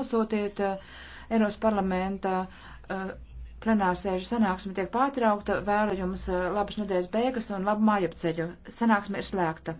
Balsotiet eh, Eiropas parlamenta eh, plenārsēžu sanāksme tiek pārtraukta. Vēlu jums eh, labas nedēļas beigas un labu mājapceļu. Sanāksme ir slēgta.